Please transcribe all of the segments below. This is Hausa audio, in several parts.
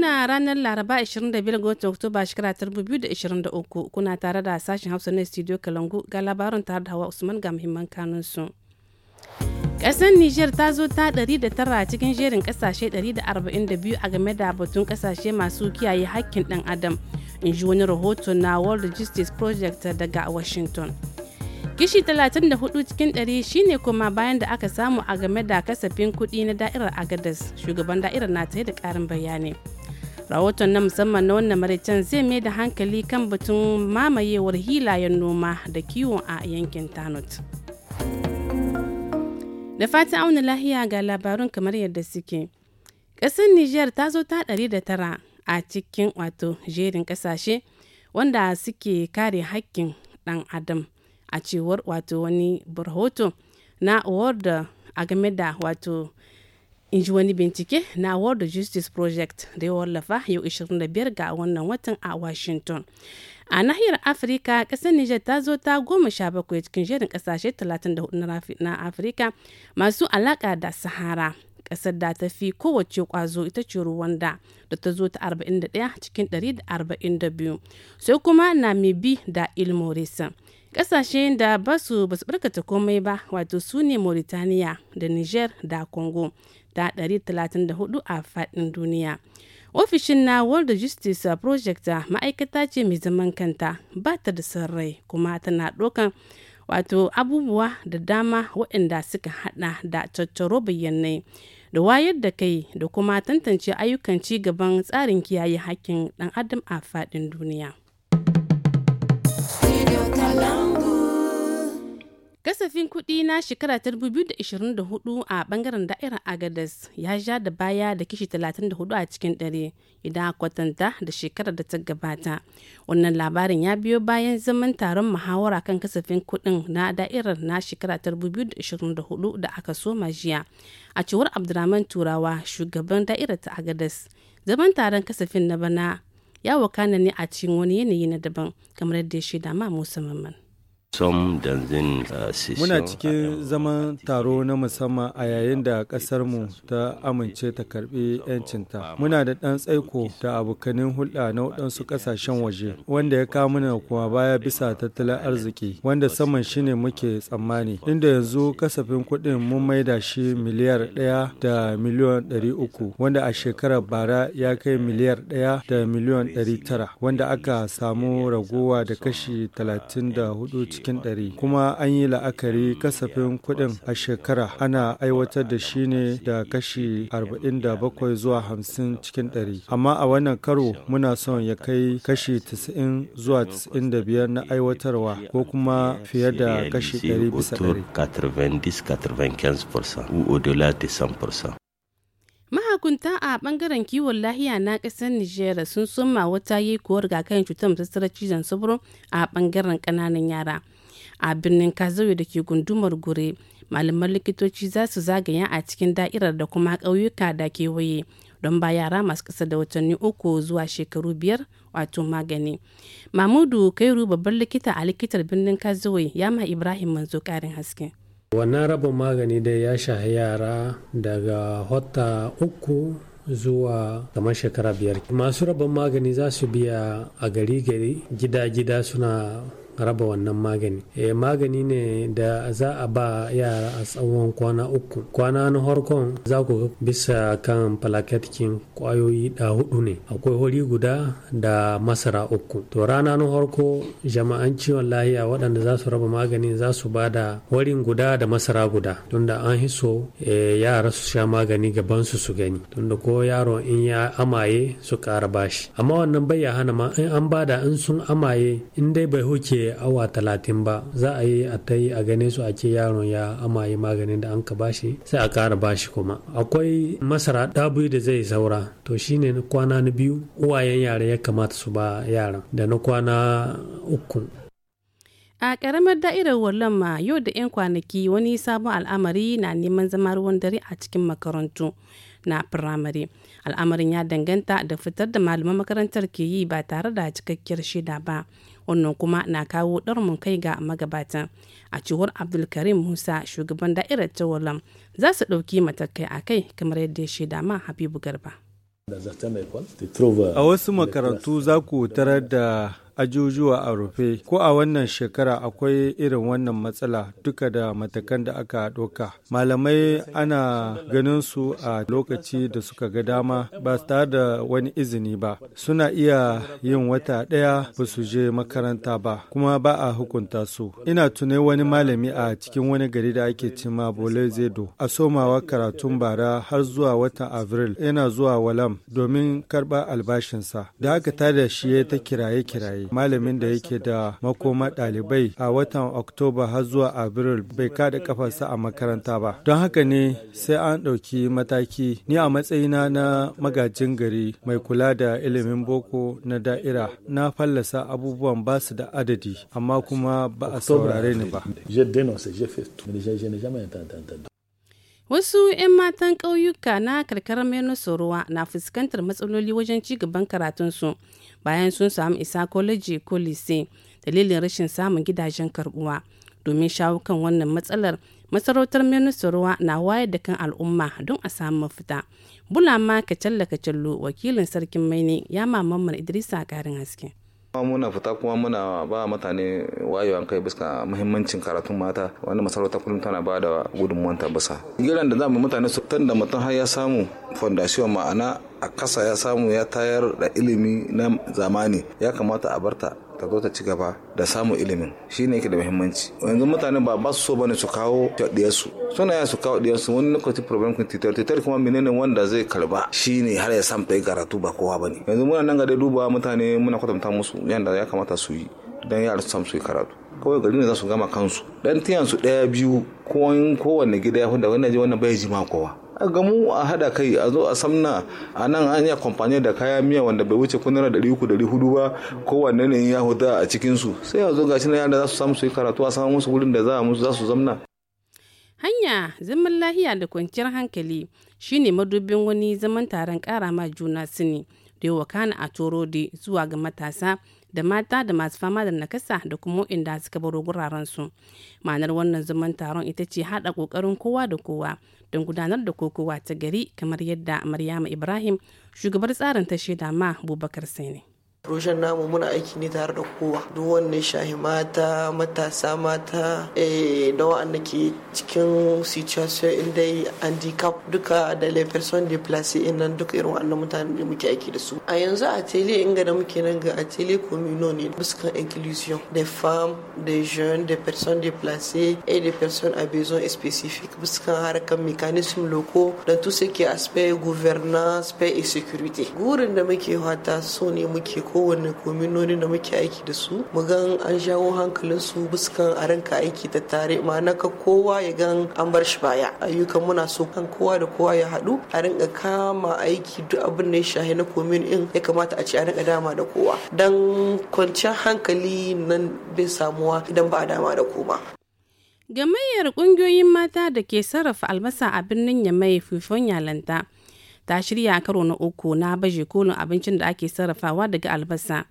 muna ranar laraba 25 ga watan oktoba shekara 2023 kuna tare da sashen hausa na studio kalangu ga labarin tare da hawa usman ga muhimman kanunsu kasan niger ta zo ta 109 cikin jerin kasashe 142 a game da batun kasashe masu kiyaye hakkin dan adam in ji wani rahoto na world justice project daga washington kishi 34 cikin 100 shine kuma bayan da aka samu a game da kasafin kudi na da'irar agadas shugaban da'irar na yi da ƙarin bayani rahoton na musamman na wannan maraicen zai mai da hankali kan batun mamayewar hilayen noma da kiwo a yankin tanut da fata auna lahiya ga labarun kamar yadda suke ƙasar niger ta zo ta tara a cikin wato jerin ƙasashe wanda suke kare haƙƙin ɗan adam a cewar wato wani rahoto na award a game da wato in ji wani bincike na world justice project da ya wallafa yau 25 ga wannan watan a washington a nahiyar afirka kasar niger ta zo ta goma sha bakwai cikin jerin kasashe 34 na afirka masu alaka da sahara kasar da ta fi kowace kwazo ita ce rwanda da ta zo ta 41 cikin 142 sai kuma namibi da ilmorisan kasashe da ba su basu barkata komai ba wato su ne mauritaniya da niger da congo ta 134 a fadin duniya ofishin na world justice project ma'aikata ce mai zaman kanta ba ta da sarrai kuma tana dokan wato abubuwa da dama waɗanda suka hada da tattaro bayyanai da wayar da kai da kuma tantance ayyukan ci gaban tsarin kiyaye hakkin ɗan adam a fadin duniya kasafin kuɗi na shekara ta 2024 a bangaren da'irar agadas ya ja da baya da kishi 34 a cikin dare idan a kwatanta da shekarar da ta gabata wannan labarin ya biyo bayan zaman taron muhawara kan kasafin kuɗin na da'irar na shekara ta 2024 da aka soma jiya a cewar abdulrahman turawa shugaban da'irar ta agadas zaman taron kasafin na bana ya wakana ne a cikin wani yanayi na daban kamar yadda ya shaida ma musamman Uh, Muna uh, cikin zaman taro na musamman a yayin da ƙasarmu ta amince ta karɓi 'yancinta. Muna da ɗan tsaiko da abokanin hulɗa na waɗansu ƙasashen waje, wanda ya kawo mana kuma baya bisa tattalin arziki, wanda saman shi ne muke tsammani. Inda yanzu kasafin kuɗin mun maida shi miliyar ɗaya da miliyon ɗari uku, wanda a shekarar bara ya kai miliyar ɗaya da miliyon ɗari tara, wanda aka samu raguwa da kashi talatin da hudu cikin ɗari kuma an yi la'akari kasafin kuɗin a shekara ana aiwatar da shi ne da kashi 47 zuwa 50 cikin ɗari amma a wannan karo muna son ya kai kashi 90 zuwa 95 na aiwatarwa ko kuma fiye da kashi 100 bisa 100%. mahakunta a bangaren kiwon lahiya na kasar niger sun suma wata ga kayan cutar masassarar cizon sauro a bangaren kananan yara a birnin kazawe da ke gundumar gure malaman likitoci za su zagaya a cikin da'irar da kuma ƙauyuka da kewaye don ba yara masu kasa da watanni uku zuwa shekaru biyar wato magani mamudu kairu babban likita a likitar birnin kazawe ya ma ibrahim manzo ƙarin haske wannan rabin magani dai ya shahi yara daga hota uku zuwa kamar shekara biyar masu rabin magani za su biya a gari gari gida gida suna raba wannan magani e, magani ne da za a ba yara a tsawon kwana uku kwana na harkon za ku bisa kan falaketkin kwayoyi da hudu ne akwai hori guda da masara uku to rana na harko jama'an ciwon lahiya waɗanda za su raba magani za su ba da warin guda da masara guda tunda an hiso eh, yara su sha magani gaban su su gani tunda ko yaro in ya amaye su kara bashi amma wannan bai ya hana ma in an bada in sun amaye in dai bai huke awa talatin ba za a yi a ta yi a gane su a ce yaron ya amaye maganin da an ka bashi sai a kara bashi kuma akwai masara dabu da zai saura to shine na kwana na biyu uwayen yare ya kamata su ba yaran da na kwana uku a karamar da'irar wallon ma yau da 'yan kwanaki wani sabon al'amari na neman zama ruwan dare a cikin makarantu na firamare al'amarin ya danganta da fitar da malaman makarantar ke yi ba tare da cikakkiyar shida ba wannan kuma na kawo ɗarmin kai ga magabatan a cewar abdulkarim musa shugaban da'irar tawalan za su ɗauki matakai a kai kamar yadda ya shaida ma habibu garba a wasu euh, makarantu za ku tarar da ajujuwa a rufe ko a wannan shekara akwai irin wannan matsala duka da matakan da aka ɗauka malamai ana ganin su a lokaci da suka ga dama ba tare da wani izini ba suna iya yin wata ɗaya ba su je makaranta ba kuma ba a hukunta su ina tune wani malami a cikin wani gari da ake cima bole zedo a somawa karatun bara har zuwa watan avril yana zuwa walam domin karɓa albashinsa da aka tada shi ta kiraye-kiraye malamin da yake da makoma ɗalibai a watan Oktoba har zuwa Abril bai kada kafarsa a makaranta ba. Don haka ne sai an ɗauki mataki ni a matsayina na magajin gari mai kula da ilimin boko na da'ira na fallasa abubuwan ba su da adadi amma kuma ba a saurare ni ba. Wasu 'yan matan ƙauyuka na karkarar Menosorowa na fuskantar matsaloli wajen ci gaban karatunsu bayan sun samu isa koleji ko lise dalilin rashin samun gidajen karbuwa. Domin shawo kan wannan matsalar, masarautar Menosorowa na wayar da kan al'umma don a samu mafita. Bulama Kacalla Kacallo wakilin sarkin Maini ya mamman Idrisa ƙarin haske. kuma muna fita kuma muna ba mutane wayewan kai bisa muhimmancin karatun mata wani masarauta kullum tana ba da ta bisa giran da zamu mutane su tun da mutum har ya samu fondasiyon ma'ana a kasa ya samu ya tayar da ilimi na zamani ya kamata a barta ta zo ta ci gaba da samun ilimin shi ne yake da muhimmanci yanzu mutane ba ba su so bane su kawo su suna ya su kawo ɗiyarsu wani lokaci problem kun titar titar kuma menene wanda zai karba shi ne har ya samta yi karatu ba kowa bane yanzu muna nan ga dai duba mutane muna kwatanta musu yanda ya kamata su yi don yara su samu su karatu kawai gari ne za su gama kansu dan tiyan su ɗaya biyu ko kowanne gida ya fi da wani je wannan bai ma kowa ga mu a hada kai a zo a samna a nan an yi kamfani da kaya miya wanda bai wuce kunera ɗari uku ɗari hudu ba wanne ne ya huda a cikinsu sai a zo gashi na yadda za su samu su yi karatu a samu musu wurin da za musu za su zamna. hanya zaman lahiya da kwanciyar hankali shine madubin wani zaman taron kara ma juna su ne da yawa kana a torodi zuwa ga matasa da mata da masu fama da nakasa da kuma inda suka baro guraren su ma'anar wannan zaman taron ita ce haɗa ƙoƙarin kowa da kowa don gudanar da kokowa ta gari kamar yadda maryama ibrahim shugabar tsarin ta shaida ma abubakar sani Projen namu muna aiki ne tare da kowa duk wanne shahi mata matasa mata eh, da wa'anda ke cikin situation in dai handicap duka da le person deplace in nan duka irin wa'annan mutane da muke aiki da su a yanzu a tele inga da muke nan ga a tele communo ne buskan inclusion des de jeune de person de déplacées et de person a besoin spécifique buskan harkar mécanisme loko da tout ce qui aspect gouvernance paix et sécurité gurin da muke hata so ne muke ko kowanne kominonin da muke aiki da su mu gan an shawo hankalin su buskan a ranka aiki ta tare ma'ana ka kowa ya gan an bar shi baya ayyukan muna so kan kowa da kowa ya haɗu a rinka kama aiki duk abin da ya shahi na komin in ya kamata a ce a rinka dama da kowa dan kwanciyar hankali nan bai samuwa idan ba a dama da kowa gamayyar ƙungiyoyin mata da ke sarrafa albasa a birnin yamai fifon yalanta ta shirya karo na uku na baje kolin abincin da ake sarrafawa daga albasa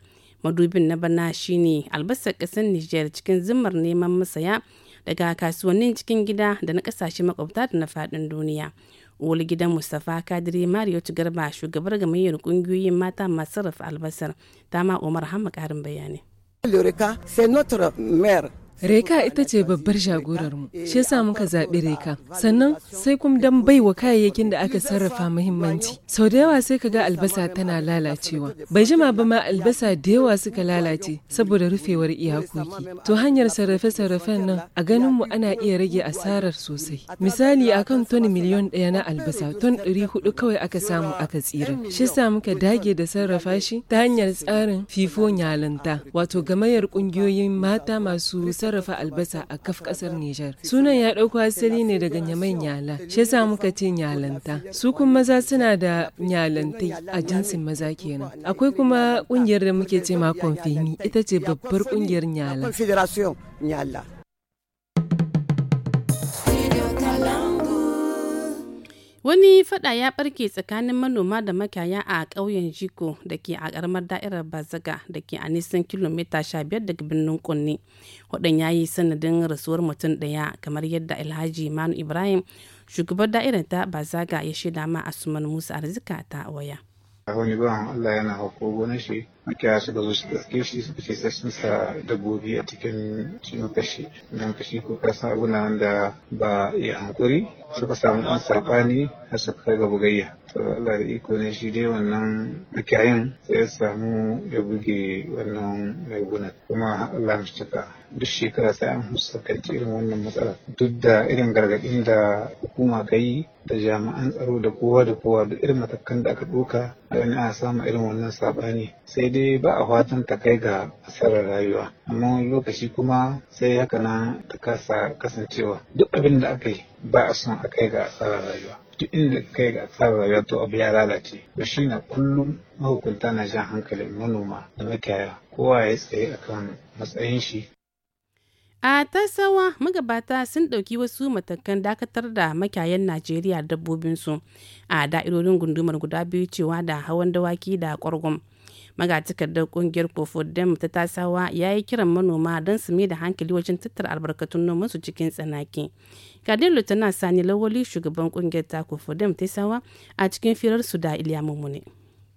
madubin na bana shine albasar ƙasar niger cikin zimmar neman masaya daga kasuwannin cikin gida da na ƙasashe makwabta da na faɗin duniya wani gidan mustapha kadiri mario garba shugabar gamayyar ƙungiyoyin mata masu sarrafa albasar ma umar hama ƙarin bayani Reka ita ce babbar jagorarmu, shi yasa muka zaɓi Reka. Sannan sai kuma dan baiwa kayayyakin da aka sarrafa muhimmanci. Sau da yawa sai kaga albasa tana lalacewa. Bai jima ba ma albasa da yawa suka lalace saboda rufewar iyakoki. To hanyar sarrafe-sarrafen nan a ganin mu ana iya rage asarar sosai. Misali akan ton miliyon ɗaya na albasa ton ɗari hudu kawai aka samu aka tsira. Shi yasa muka dage da sarrafa shi ta hanyar tsarin fifo nyalanta wato gamayar ƙungiyoyin mata masu sarrafa sarrafa albasa a kaf kasar Nijar. Sunan ya ɗauko asali ne daga nyamai nyala, shi yasa muka ce nyalanta. Su kuma maza suna da nyalantai a jinsin maza kenan. Akwai kuma ƙungiyar da muke ce ma konfini, ita ce babbar ƙungiyar nyala. Wani fada ya barke tsakanin manoma da makaya a ƙauyen Jiko da ke a ƙaramar da'irar Bazaga da ke a nisan kilomita 15 daga birnin Kunne. Wadan ya yi sanadin rasuwar mutum ɗaya kamar yadda Alhaji Manu Ibrahim shugabar da'irar ta Bazaga ya shaida ma Asuman Musa Arzika ta waya. makiyaya su zo suka ɗauke shi su fice sa dabbobi a cikin cikin kashi nan kashi ko kasan abuna wanda ba ya hankuri suka samu an saɓani har suka kai ga bugayya to Allah da iko ne shi dai wannan makiyayin sai ya samu ya buge wannan mai gunan kuma Allah mu cika duk shekara sai an fuskanci irin wannan matsala duk da irin gargaɗin da hukuma ta yi da jami'an tsaro da kowa da kowa da irin matakan da aka ɗauka da wani a samu irin wannan saɓani sai dai ba a fatan ta kai ga asarar rayuwa amma lokaci kuma sai haka nan ta kasa kasancewa duk abin da aka yi ba a son a kai ga asarar rayuwa duk inda kai ga asarar rayuwa to abu ya lalace to shi na kullum mahukunta na jan hankalin manoma da makiyaya kowa ya tsaye akan matsayin shi A tasawa magabata sun ɗauki wasu matakan dakatar da makayan Najeriya dabbobinsu a da'irorin gundumar guda biyu cewa da hawan dawaki da kwargwam. da kungiyar dem ta tasawa ya yi kiran manoma don su mai da hankali wajen tattara albarkatun nomansu su cikin tsanaki kadin lutana sani lawali shugaban kungiyar ta kofodem tasawa a cikin firar su da iliya mummune.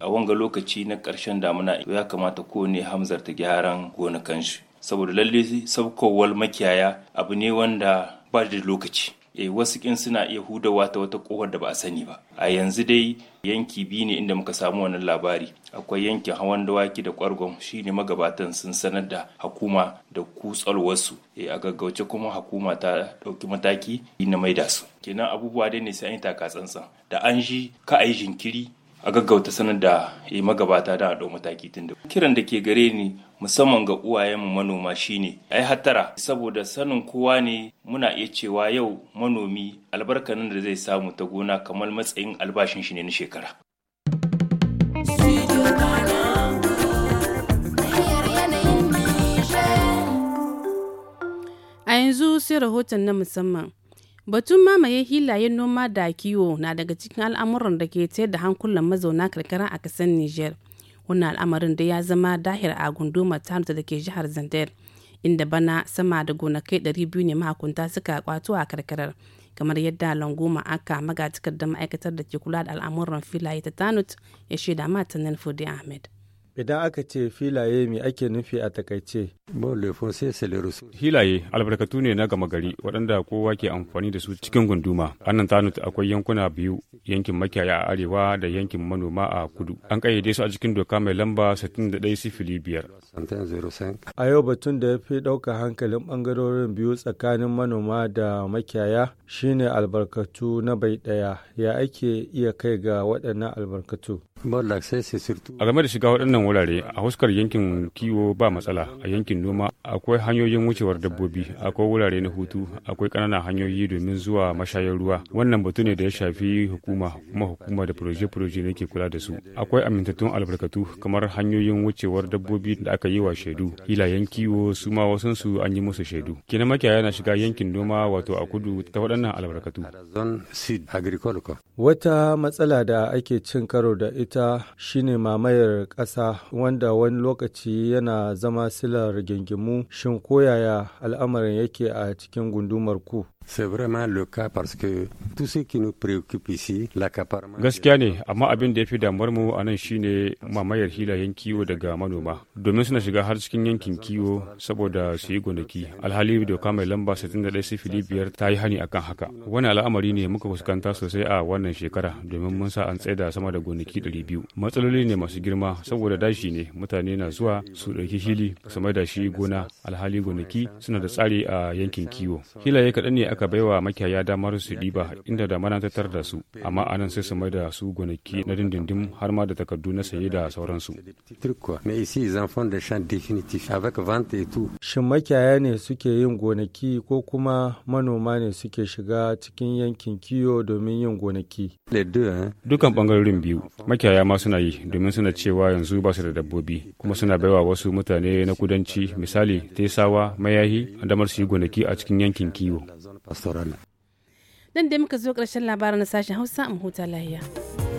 a wanga lokaci na ƙarshen damuna ya kamata kowane hamzar ta gyaran gonakan shi saboda lalle sabkowar makiyaya abu ne wanda ba da lokaci e, wasu kin suna iya hudawa ta wata kohar da ba a sani ba a yanzu dai yanki biyu ne inda muka samu wannan labari akwai yankin hawan dawaki da kwargon shine magabatan sun sanar da hakuma da wasu e, a gaggauce kuma hukuma ta ɗauki mataki na maida su kenan abubuwa dai ne sai an yi takatsantsan da an ji ka a yi jinkiri a gaggauta sanar da yi magabata da a ɗau mataki tun da kiran da ke gare ni musamman ga uwayenmu manoma shine a yi hattara saboda sanin kowa ne muna iya cewa yau manomi albarkanin da zai samu ta gona kamar matsayin albashin shi ne na shekara. A yanzu sai rahoton na musamman. Batun mamaye hilayen noma da kiwo na daga cikin al'amuran da ke tayar da hankulan mazauna karkara a kasar Nijar. Wannan al'amarin da ya zama dahir a gunduma Tanut da ke jihar Zandar, inda bana sama da gonakai 200 ne mahakunta suka kwato a karkarar. Kamar yadda Langoma aka magatakardar ma'aikatar da ke kula da al'amuran filaye ta Tanut ya shaida matanin Fudi Ahmed. Idan aka ce filaye mai ake nufi a takaice? Filaye albarkatu ne na gama gari waɗanda kowa ke amfani da su cikin gunduma. A nan tanut akwai yankuna biyu, yankin makiyaya a arewa da yankin manoma a kudu. An ƙayyade su a cikin doka mai lamba sifili biyar. A yau batun da ya fi ɗauka hankalin ɓangarorin biyu tsakanin manoma da makiyaya shine albarkatu na bai ɗaya. Ya ake iya kai ga waɗannan albarkatu? A game da shiga waɗannan wurare a huskar yankin kiwo ba matsala a yankin noma akwai hanyoyin wucewar dabbobi akwai wurare na hutu akwai ƙananan hanyoyi domin zuwa mashayar ruwa wannan batu ne da ya shafi hukuma kuma hukuma da proje-proje ne ke kula da su akwai amintattun albarkatu kamar hanyoyin wucewar dabbobi da aka yi wa shaidu hilayen kiwo su ma wasansu an yi musu shaidu kina makiyaya na shiga yankin noma wato a kudu ta waɗannan albarkatu. Wata matsala da ake cin karo da ita shine mamayar ƙasa wanda wani lokaci yana zama silar gingimu shin koyaya al'amarin yake a cikin gundumar ku. C'est vraiment le cas parce que tout ce qui nous préoccupe ici, l'accaparement. Gaskiya ne, amma abin da ya fi damuwar mu a nan shine mamayar hilayen kiwo daga manoma. Domin suna shiga har cikin yankin kiwo saboda su yi gonaki. Alhali doka mai lamba sifili biyar ta yi hani akan haka. Wani al'amari ne muka fuskanta sosai a wannan shekara domin mun sa an tsaida sama da gonaki 200. Matsaloli ne masu girma saboda dashi ne mutane na zuwa su ɗauki hili su mai da shi gona alhali gonaki suna da tsari a yankin kiwo. Hilaye kaɗan ne aka baiwa makiyaya damar su ɗiba inda da mana tattar da su amma anan sai su mai da su gonaki na dindindin har ma da takardu na saye da sauransu shin makiyaya ne suke yin gonaki ko kuma manoma ne suke shiga cikin yankin kiyo domin yin gonaki dukan bangarorin biyu makiyaya ma suna yi domin suna cewa yanzu ba su da dabbobi kuma suna baiwa wasu mutane na kudanci misali tesawa mayahi damar su yi gonaki a cikin yankin kiwo a Nan dai muka zo ƙarshen labarin na sashen Hausa a huta lahiya.